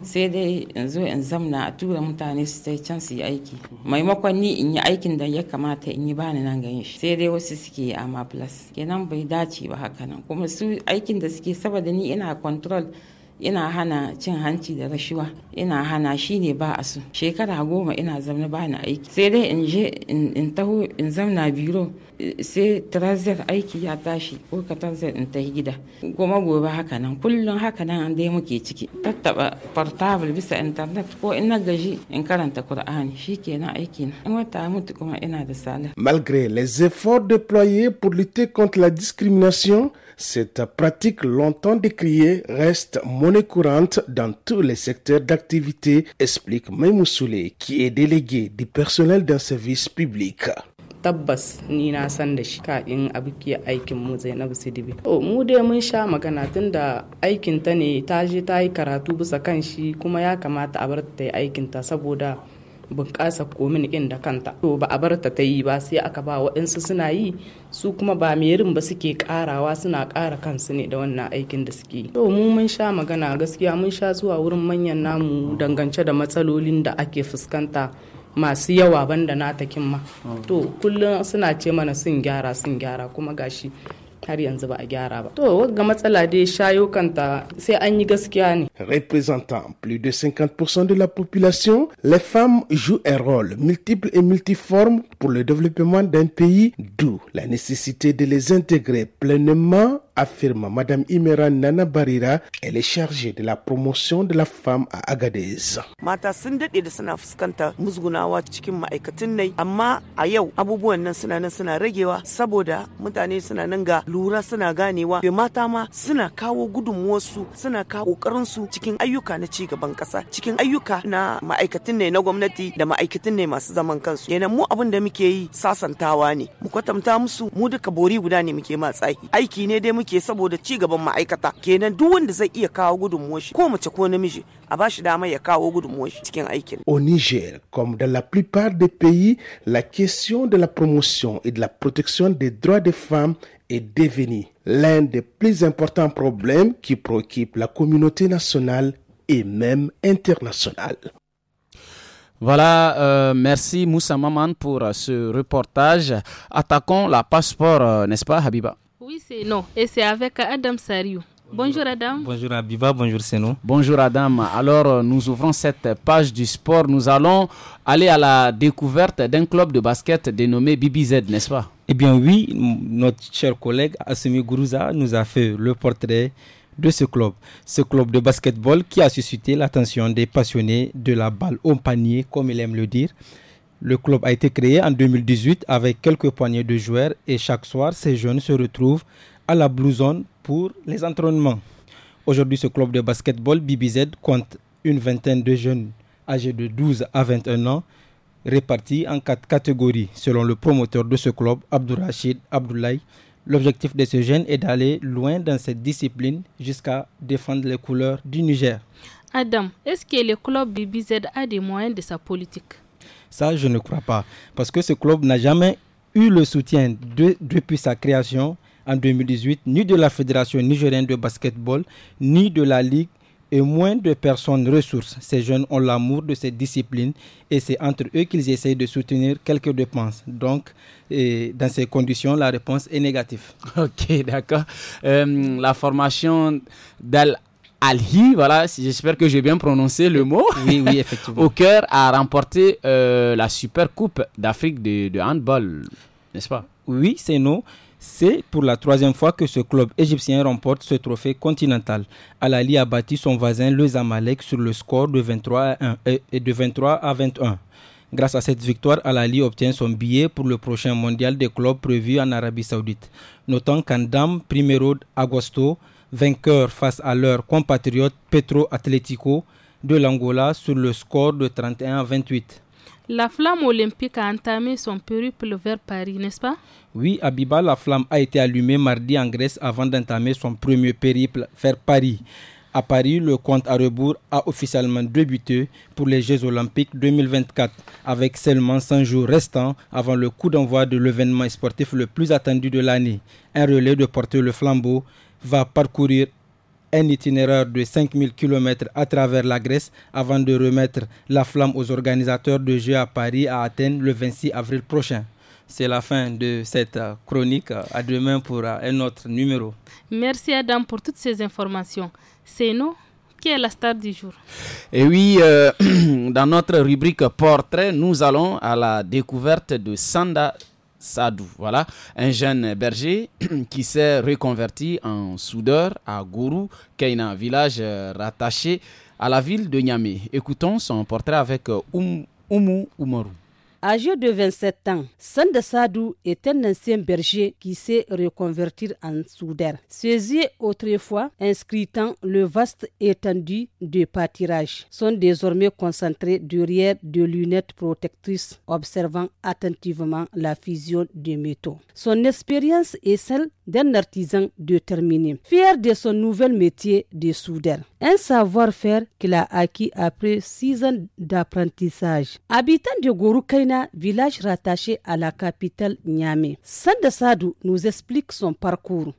sai dai in zo in zamna a tura mutane su tai can su yi aiki maimakon ni in yi aikin da ya kamata in yi bani nan ganin shi sai dai wasu suke yi amma plus kenan bai dace ba haka nan kuma su aikin da suke saboda ni ina control ina hana cin hanci da rashuwa ina hana shi ne ba a su shekara goma ina zamna bani aiki sai dai in je in taho in zamna biro malgré les efforts déployés pour lutter contre la discrimination cette pratique longtemps décriée reste monnaie courante dans tous les secteurs d'activité, explique Soule, qui est délégué du personnel d'un service public. tabbas ni na san da shi in a biki aikin mu Zainabu Sidibe. O mu dai mun sha magana tunda aikin ta ne ta je ta yi karatu bisa kan shi kuma ya kamata a bar ta yi aikin ta saboda bunƙasa komin ɗin da kanta. To ba a bar ta ta yi ba sai aka ba waɗansu suna yi su kuma ba merin ba suke ƙarawa suna ƙara kansu ne da wannan aikin da suke yi. To mu mun sha magana gaskiya mun sha zuwa wurin manyan namu dangance da matsalolin da ake fuskanta. Représentant plus de 50% de la population, les femmes jouent un rôle multiple et multiforme pour le développement d'un pays, d'où la nécessité de les intégrer pleinement affirme Madame imera Nana Barira. Elle est chargée de la promotion de la femme à Agadez. Mata sun daɗe da suna fuskantar musgunawa cikin ma'aikatan nai, amma a yau abubuwan nan suna nan suna ragewa saboda mutane suna nan ga lura suna ganewa wa. mata ma suna kawo gudunmuwarsu suna kawo ƙoƙarinsu cikin ayyuka na cigaban ƙasa, cikin ayyuka na ma'aikatan ne na gwamnati da ma'aikatan ne masu zaman kansu. Yana mu abin da muke yi sasantawa ne, mu kwatanta musu mu duka bori guda ne muke matsayi. Aiki ne dai muke Au Niger, comme dans la plupart des pays, la question de la promotion et de la protection des droits des femmes est devenue l'un des plus importants problèmes qui préoccupent la communauté nationale et même internationale. Voilà, euh, merci Moussa Maman pour ce reportage. Attaquons la passeport, euh, n'est-ce pas Habiba oui, c'est non. Et c'est avec Adam Sariou. Bonjour Adam. Bonjour Abiba, bonjour Seno. Bonjour Adam. Alors euh, nous ouvrons cette page du sport. Nous allons aller à la découverte d'un club de basket dénommé BBZ, n'est-ce pas Eh bien oui, notre cher collègue Assemi Gourouza nous a fait le portrait de ce club. Ce club de basketball qui a suscité l'attention des passionnés de la balle au panier, comme il aime le dire. Le club a été créé en 2018 avec quelques poignées de joueurs et chaque soir, ces jeunes se retrouvent à la Blue Zone pour les entraînements. Aujourd'hui, ce club de basketball BBZ compte une vingtaine de jeunes âgés de 12 à 21 ans répartis en quatre catégories. Selon le promoteur de ce club, Rachid Abdoulaye, l'objectif de ce jeune est d'aller loin dans cette discipline jusqu'à défendre les couleurs du Niger. Adam, est-ce que le club BBZ a des moyens de sa politique ça, je ne crois pas. Parce que ce club n'a jamais eu le soutien depuis sa création en 2018, ni de la Fédération nigérienne de basketball, ni de la Ligue, et moins de personnes ressources. Ces jeunes ont l'amour de cette discipline et c'est entre eux qu'ils essayent de soutenir quelques dépenses. Donc, dans ces conditions, la réponse est négative. Ok, d'accord. Euh, la formation d'Al Alhi, voilà, j'espère que j'ai bien prononcé le mot. Oui, oui, effectivement. au cœur a remporté euh, la Super Coupe d'Afrique de, handball, n'est-ce pas Oui, c'est nous. C'est pour la troisième fois que ce club égyptien remporte ce trophée continental. al a battu son voisin, le Zamalek, sur le score de 23 à, 23 euh, à 21. Grâce à cette victoire, al obtient son billet pour le prochain mondial des clubs prévu en Arabie Saoudite. Notons qu'Andam, dame, Primero Agosto, vainqueur face à leur compatriote Petro Atlético de l'Angola sur le score de 31 à 28. La flamme olympique a entamé son périple vers Paris, n'est-ce pas Oui, Abiba, la flamme a été allumée mardi en Grèce avant d'entamer son premier périple vers Paris. À Paris, le compte à rebours a officiellement débuté pour les Jeux olympiques 2024, avec seulement 100 jours restants avant le coup d'envoi de l'événement sportif le plus attendu de l'année. Un relais de porter le flambeau va parcourir un itinéraire de 5000 km à travers la Grèce avant de remettre la flamme aux organisateurs de Jeux à Paris, à Athènes, le 26 avril prochain. C'est la fin de cette euh, chronique. À demain pour euh, un autre numéro. Merci Adam pour toutes ces informations. C'est nous qui est la star du jour Et eh oui, euh, dans notre rubrique portrait, nous allons à la découverte de Sanda Sadou. Voilà, un jeune berger qui s'est reconverti en soudeur à Gourou, Keina, village euh, rattaché à la ville de Niamey. Écoutons son portrait avec euh, Oumou Umaru. Âgé de 27 ans, Sande Sadou est un ancien berger qui s'est reconverti en soudeur. Ses yeux autrefois inscrits dans le vaste étendue de pâtirage sont désormais concentrés derrière de lunettes protectrices observant attentivement la fusion des métaux. Son expérience est celle d'un artisan déterminé, fier de son nouvel métier de soudeur, un savoir-faire qu'il a acquis après six ans d'apprentissage. Habitant de Gorukaina, village rattaché à la capitale Niamey, Sanda Sadou nous explique son parcours.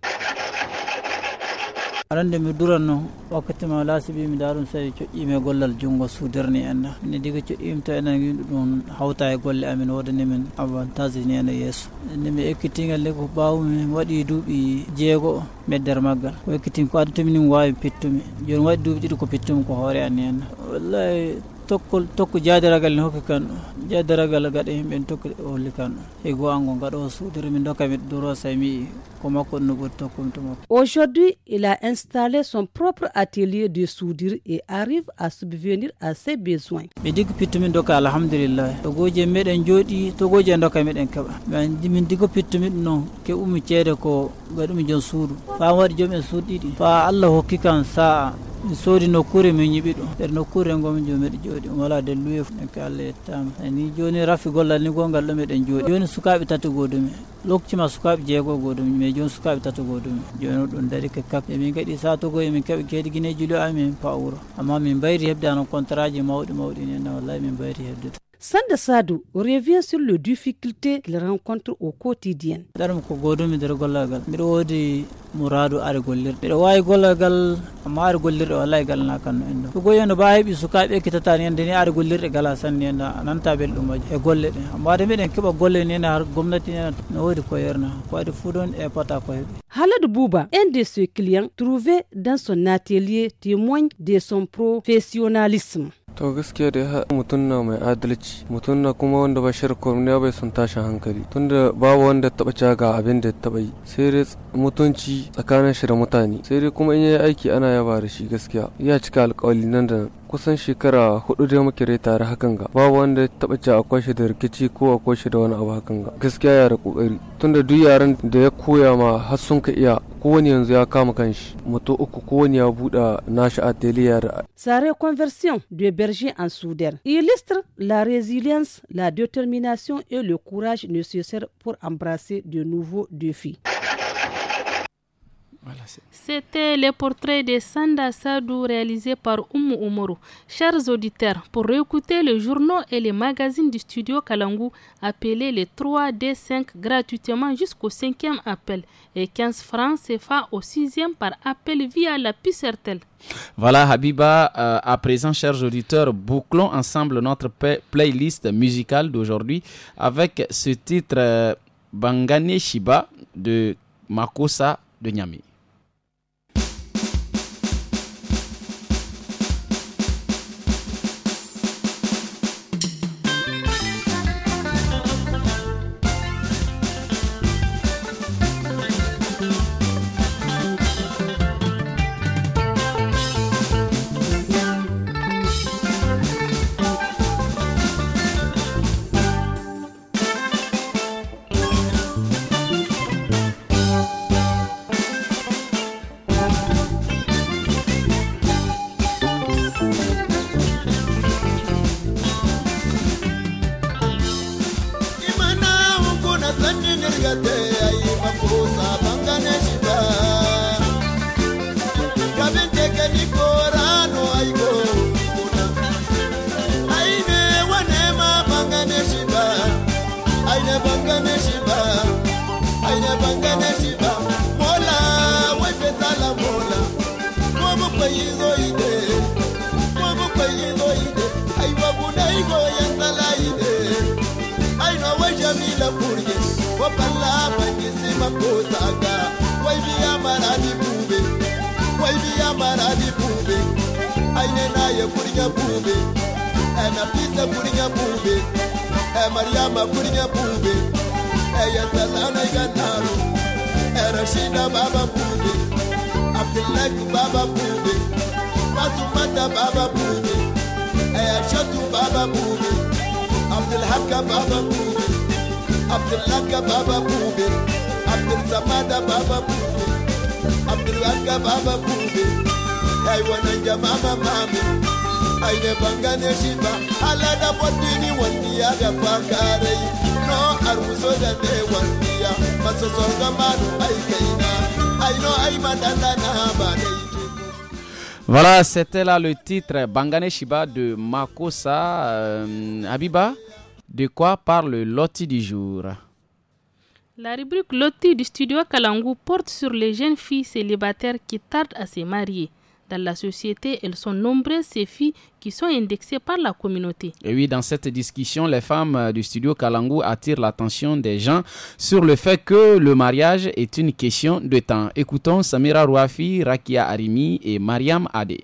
arande mi duranno wakkati ma laasibi mi daɗum so coƴƴiimi e gollal junngo suudirni enna ene diga coƴƴiimi to enen yimɗe ɗum hawta e golle amin wodani min avantage ni ene yeeso nde mi ekkitigal nde ko mbawmi waɗi duuɓi jeego e nder maggal ko ekkitimi ko addatimi ni mi waawi pittumi jooni waɗi duuɓi ɗiɗi ko pittumi ko hoore an ni enna wallahi tokkol tokko jadiragal ne hokki kan ɗum jadiragal gaɗa yimɓe tokko o holli kan ɗum e go ango gaɗo suudere min dokka mi duro sa mi ko makko no ɓuri tokkum to makko aujourd'hui il a installé son propre atelier de soudure et arrive à subvenir à ses besoins mi diggo pittu min dokka alhamdulillah togoji meɗen jooɗi togoji e dokka meɗen keeɓa min diggo pittu min noon ke ummi ceede ko gaɗumi joom suudu fa waɗi joomumen suuɗ ɗiɗi fa allah hokki kan sa'a mi soodi nokkure min ñiɓi ɗum ɓeɗ nokkure ngomi jo miɗa jooɗi wala de louwe nek allah ettama ani e joni rafi gollal ni gongal ɗum eɗen jooɗi joni sukaɓe tati go ɗumi loktima sukaɓe jeego go ɗum mais joni sukaɓe tati go ɗumi joni ɗum daari ke kap emin gaɗi satogo emin keeɓa keedi guine julio ami min pa wuuro amma min mbayri hebde ano contrat ji mawɗi mawɗi ni enna wallahi min mbayri hebde to Sanda Sadu revient sur les difficultés qu'il rencontre au quotidien. Darum ko godo mi der gollagal mi wodi muradu ar gollir mi wawi gollagal amma ar gollir wallahi gal na kan endo ko goyo no bayi su ka be kitata ni ndeni ar gollir gala san ni na nan tabel dum e golle de amma de meden keba golle ni na gomnati ni no wodi ko yerna ko adi fudon e pata ko hebe Halad Bouba, un de ses clients trouvé dans son atelier témoigne de son professionnalisme. to gaskiya da ya mutum na mai adalci mutum na kuma wanda ba shirk ya bai sun tashin hankali tunda babu wanda taba caga abin da taba yi sai dai mutunci tsakanin shi da mutane sai dai kuma in yi aiki ana yaba da shi gaskiya ya cika alƙawali nan da nan kusan shekara hudu da muke rai tare hakan ga babu wanda ya taba ci a shi da rikici ko a shi da wani abu hakan ga gaskiya ya da kokari tunda duk yaran da ya koya ma har sun ka iya kowane yanzu ya kama kanshi mato uku kowane ya buɗe nashi atelier sare conversion de berger en souder illustre la résilience la détermination et le courage nécessaire pour embrasser de nouveaux défis C'était le portrait de Sanda Sadou réalisé par Oumu Oumoro. Chers auditeurs, pour réécouter les journaux et les magazines du studio Kalangu, appelez les 3D5 gratuitement jusqu'au cinquième appel et 15 francs CFA au sixième par appel via la puce RTL. Voilà Habiba, euh, à présent chers auditeurs, bouclons ensemble notre playlist musicale d'aujourd'hui avec ce titre euh, Bangane Shiba de Makosa de Nyami. C'était là le titre Bangane Shiba de Makosa. Euh, Abiba. de quoi parle le loti du jour La rubrique loti du studio Kalangu porte sur les jeunes filles célibataires qui tardent à se marier. Dans la société, elles sont nombreuses ces filles qui sont indexées par la communauté. Et oui, dans cette discussion, les femmes du studio Kalangu attirent l'attention des gens sur le fait que le mariage est une question de temps. Écoutons Samira Rouafi, Rakia Arimi et Mariam Adé.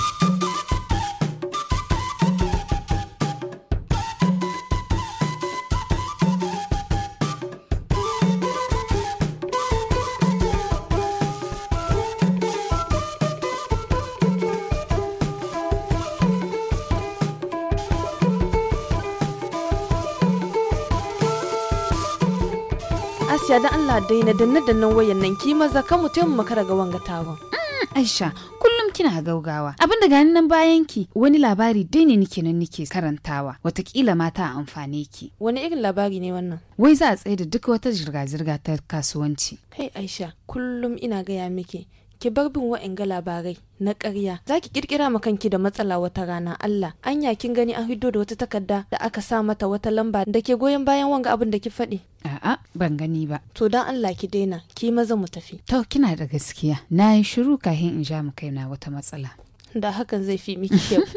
Asiya da Allah daina na dannan wayan nan ki maza ka mu taimaka makara ga wanga tawon. Mm, Aisha kullum kina gaugawa abin da gani nan bayan ki wani labari dai ne nike nan nike karantawa watakila mata a amfane ki. Wani irin labari ne wannan? Wai za a tsaye da duk wata zirga-zirga ta kasuwanci. Kai Aisha kullum ina gaya miki ki bar bin wa'anga labarai na ƙarya za ki kirkira ma kanki da matsala wata rana Allah anya kin gani an hiddo da wata takarda da aka sa mata wata lamba da ke goyon bayan wanga abin da ki faɗi a'a ban gani ba to dan Allah ki daina ki maza mu tafi to kina da gaskiya na yi shiru kafin in ja mu kaina wata matsala da hakan zai fi miki kyau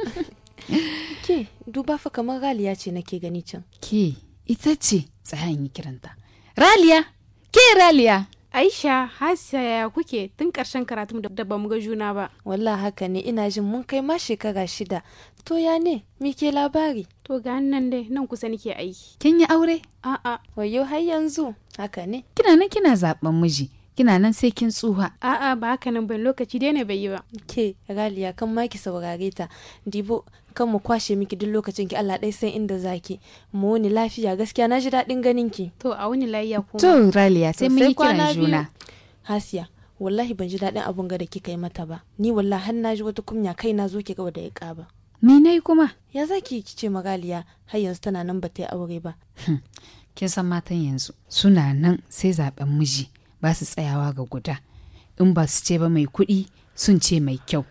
ke duba fa kamar raliya ce nake gani can ke ita ce tsayan yi kiranta raliya ke raliya Aisha, Hasiya kuke tun ƙarshen karatun da ba mu ga juna ba? Wallah haka ne ina jin mun kai ma shekara shida. To ya ne, mi ke labari? To ga nan dai nan kusa nake aiki. Kin yi aure? A'a. Wayo har yanzu, haka ne. Kina nan kina zaben miji. kina nan sai kin tsuha a'a ba haka nan ban lokaci daina bai yi ba ke raliya kan ma ki saurare ta dibo kan mu kwashe miki duk lokacin ki Allah dai san inda zaki mu wani lafiya gaskiya na ji daɗin ganin ki to a wani lafiya kuma to galiya sai mun yi kiran juna hasiya wallahi ban ji daɗin abun ga da kika yi mata ba ni wallahi har na ji wata kunya kai na zo ki ga da ya ƙaba ni nai kuma ya zaki ki ce magaliya har yanzu tana nan ba ta yi aure ba hm, kin san matan yanzu suna nan sai zaben miji ba su tsayawa ga guda in ba su ce ba mai kuɗi sun ce mai kyau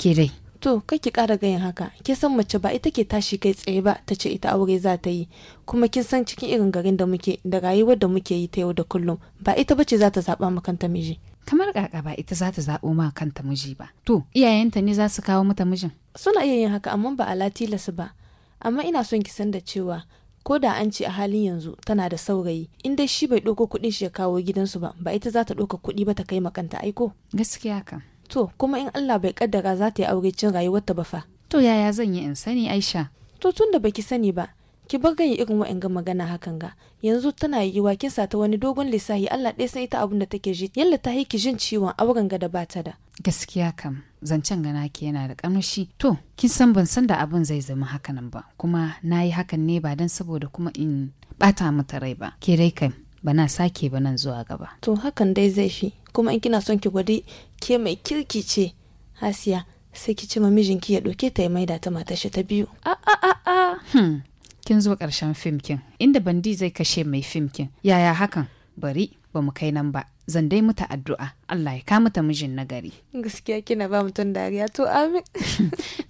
ke dai to kai ki ƙara gayin haka ke san mace ba ita ke tashi kai tsaye ba ta ce ita aure za ta yi kuma kin san cikin irin garin da muke da rayuwar da muke yi ta yau da kullum ba ita bace za ta zaɓa ma kanta miji kamar kaka ba ita za ta zaɓo ma kanta miji ba to iyayenta ne za su kawo mata mijin suna iya yin haka amma ba a latilas ba amma ina son ki san da cewa ko da an ce a halin yanzu tana da saurayi in dai shi bai ɗauko kuɗin shi ya kawo gidansu ba ba ita za ta ɗauka kuɗi ba ta kai makanta aiko gaskiya kam to kuma in Allah bai kaddara za ta yi aure cin rayuwarta ba fa to yaya zan yi in sani Aisha to tun da baki sani ba ki bar gani irin wa'anga magana hakan ga yanzu tana wa kin ta wani dogon lissafi Allah ɗaya san ita abun da take ji yalla ta yi ki jin ciwon auren ga da bata da gaskiya kam zancen gana ke yana da kamshi to kin san ban san da abin zai zama hakanan ba kuma na yi hakan ne ba don saboda kuma in bata mata rai ba ke rai kai ba na sake ba nan zuwa gaba to hakan dai zai shi kuma in kina son ki gwadi ke mai kirki ce hasiya sai ki ma mijinki ya ɗauke ta ya maida ta matar shi ta biyu a a a a hmm. kin zo ƙarshen fimkin inda bandi zai kashe mai fimkin yaya hakan bari ba mu kai nan ba zan dai mata addu'a Allah ya kama ta mijin nagari gaskiya kina ba mutum dariya to amin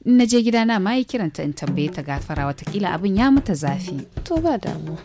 na je gidana ma yi kiranta in tambaye ta gafara watakila abin ya mata zafi to ba damuwa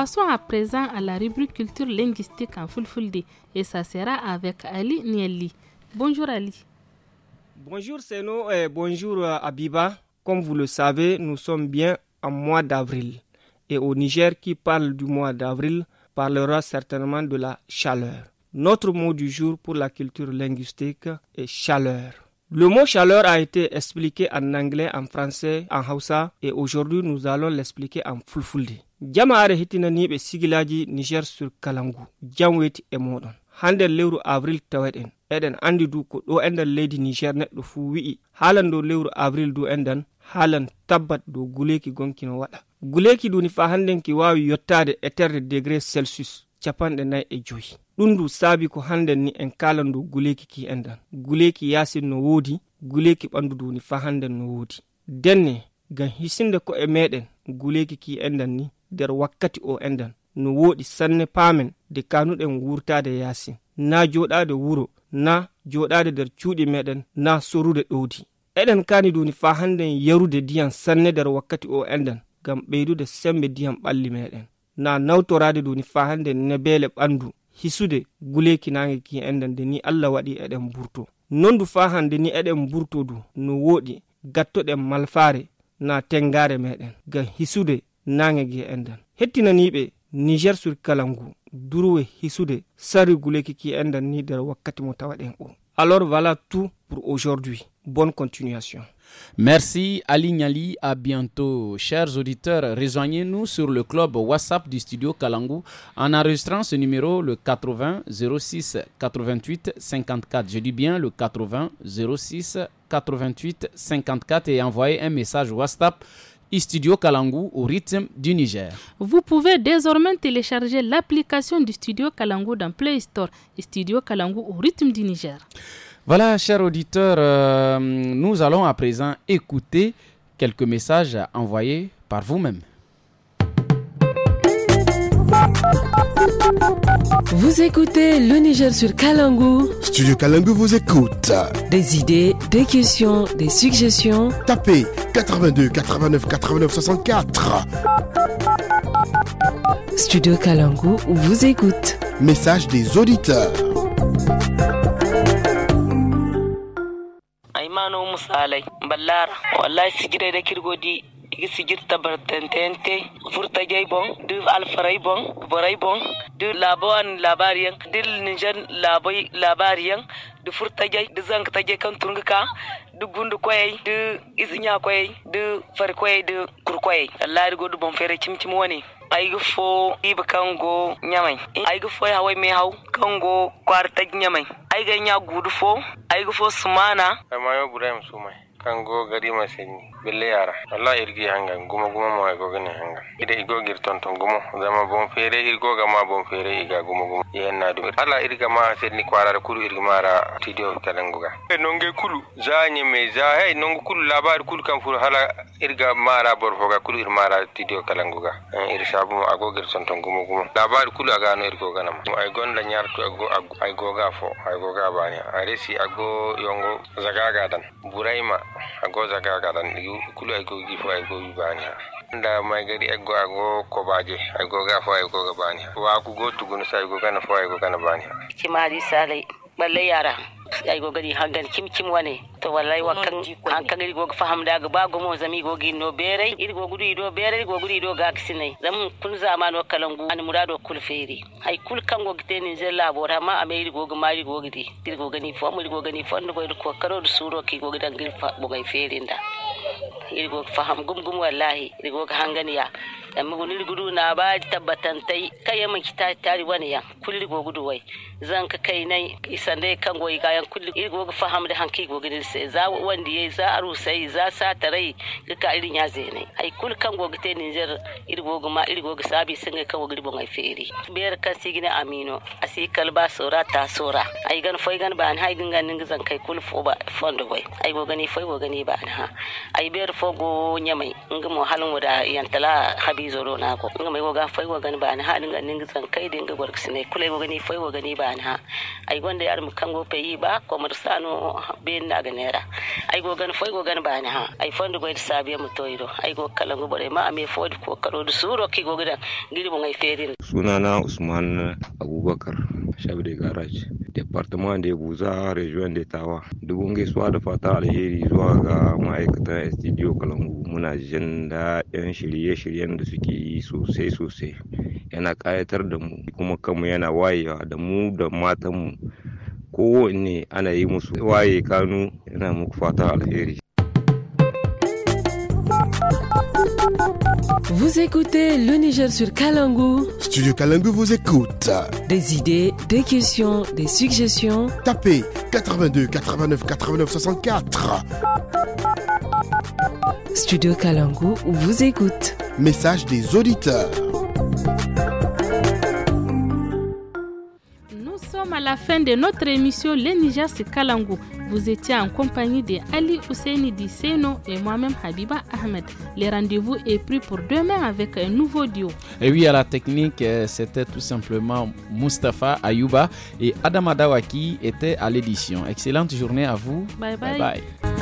Passons à présent à la rubrique culture linguistique en Fulfulde et ça sera avec Ali Nieli. Bonjour Ali. Bonjour Seno et bonjour euh, Abiba. Comme vous le savez, nous sommes bien en mois d'avril et au Niger qui parle du mois d'avril parlera certainement de la chaleur. Notre mot du jour pour la culture linguistique est chaleur. Le mot chaleur a été expliqué en anglais, en français, en hausa et aujourd'hui nous allons l'expliquer en fulfulde. Jama'are hitinani be sigilaji niger sur kalangu Jamweti e modon. Hande lewru avril taweɗen Eden andi du ko do e leydi niger neɗɗo fuu wi'i haalan lewru avril du endan, Halan tabbat do guleki gonkino wada. guleki ni fa handen ki wawi yottade e terde degré celsius de nay e joyi ɗum du saabi ko hannden ni en kalan dow guleki ki enɗan guleki yasin no woodi guleki ɓandu duni fa hannden no woodi denne ngam hisinde ko e meɗen guleki ki enɗan ni nder wakkati o enɗan no wodi sanne paamen de kanuɗen wurtade yasin na joɗade wuro na joɗade nder cuuɗi meɗen na sorude ɗowdi eɗen kani duni fa hannden yarude ndiyam sanne nder wakkati o enɗan ngam ɓeydude sembe ndiyam ɓalli meɗen na nawtorade duni fa hannden nebele ɓandu hisude guleki nange ki enɗen de ni allah waɗi eɗen burto non du fa hande ni eɗen burto du no woɗi gattoɗen malfare, na tengare meɗen Gan hisude nange gi enɗen hettinaniɓe niger sur Kalangu ngu durwe hisude sari guleki ki enɗen ni der wakkati mo tawaɗen o alors voilà tout pour aujourd'hui bonne continuation Merci Ali à bientôt. Chers auditeurs, rejoignez-nous sur le club WhatsApp du studio Kalangu en enregistrant ce numéro le 80 06 88 54. Je dis bien le 80 06 88 54 et envoyez un message WhatsApp Studio Kalangu au rythme du Niger. Vous pouvez désormais télécharger l'application du Studio Kalangu dans Play Store Studio Kalangu au rythme du Niger. Voilà, chers auditeurs, euh, nous allons à présent écouter quelques messages envoyés par vous-même. Vous écoutez le Niger sur Kalangu. Studio Kalangu vous écoute. Des idées, des questions, des suggestions. Tapez 82 89 89 64. Studio Kalangu vous écoute. Message des auditeurs. aymano musalay ballara wallahi sigire de kirgodi igi sigir tabartentente furta jay bon du alfaray bon boray bon du labo an labari yan du niger labo labari yan du furta jay du zank ta jay kan turnga ka du gundu koyay du izinya koyay du far koyay du kur koyay allah rigo du bon fere cimcim woni aiga fo iba kango nyamai aiga fo hawai me haw kango kwarta nyamai ay ga nya gudfo I go fo sumana ay mayo burem sumai kango gari ma senni belle yara walla irgi hangan gumo gumo mo ay gogani hangan ida igo girton ton gumo zama bon fere irgo ga ma bon fere iga gumo gumo yenna dum ala irga ma ni kwarar kulu irgi mara tidio ga e nonge kulu za nyeme za hey nongo kulu labar kulu kan fur hala irga mara borfoga kulu ir mara tidio kalanguga eh, ir shabu ago girton ton gumo gumo labar kulu aga no irgo mo ay gonda nyartu ago ay goga fo ay goga bani aresi ago yongo zagaga dan buraima ago zaga garan kulu ay go gi fo ay go gi bani Nda mai gari ay go ago ko baje ay go ga fo ay go ga bani wa ku go tugunu sai go kana fo ay go kana bani mari sale balle yara ay go gadi hagan kim kim wane to wallahi wakkan hankan iri go fahamda ga bago mo zami go gi no bere iri go gudu ido bere iri go gudu ido ga kisine zam kun zamano kalangu an murado kul feri ay kul kan go gite ni zella bora ma ame iri go ma iri go gidi iri go gani fo mo go gani fo ndo go iri ko karo suro ki go gidan gir fa bo gai feri nda irgo faham gum wallahi irgo ka hanganiya amma gunir gudu na ba tai kai mun kita tari wani ya kulli go gudu wai zan ka kai nai dai kan goyi gayan kulli irgo ka faham da hanki go gidin sai za wanda yayi za aru sai za sa tarai ka irin ya nai ai kul kan go gite jar irgo ma irgo go sabi sun ga kawo girbin ai feri biyar kan sigina amino asi kalba sora ta sora ai gan foi gan ba an hai gan ganin zan kai kul fo ba fondo wai ai go gani foi go gani ba an ha ay ber fogo nyamai nga mo halin wada yantala Habizu ro na ko nga mai woga fai woga ni ba ni ha dinga ninga san kai dinga gork sine kula woga ni fai woga ni ba ni ha ay gonda yar mu kango pe yi ba ko mar sano be na ga nera ay goga ni fai woga ni ba ni ha ay fondo goy sabiya mu toydo ay go kala go bore ma ame fodi ko karo du suro ki goga da giri mo ngai ferin sunana usman abubakar de garage departement de buza region de tawa dubun gaisuwa da fata alheri zuwa ga ma'aikata studio kalangu muna jin daɗin shirye-shiryen da suke yi sosai-sosai yana ƙayatar da mu kuma kanmu yana wayewa da mu da matanmu kowanne ana yi musu waye kanu yana muku fata alheri Vous écoutez le Niger sur Kalangu. Studio Kalangu vous écoute. Des idées, des questions, des suggestions. Tapez 82 89 89 64. Studio Kalangu vous écoute. Message des auditeurs. Nous sommes à la fin de notre émission Les Niger Kalangu. Vous étiez en compagnie de Ali Husseini Disseno et moi-même Habiba Ahmed. Le rendez-vous est pris pour demain avec un nouveau duo. Et oui, à la technique, euh, c'était tout simplement Mustapha Ayuba et Adam Adawaki était à l'édition. Excellente journée à vous. bye. bye.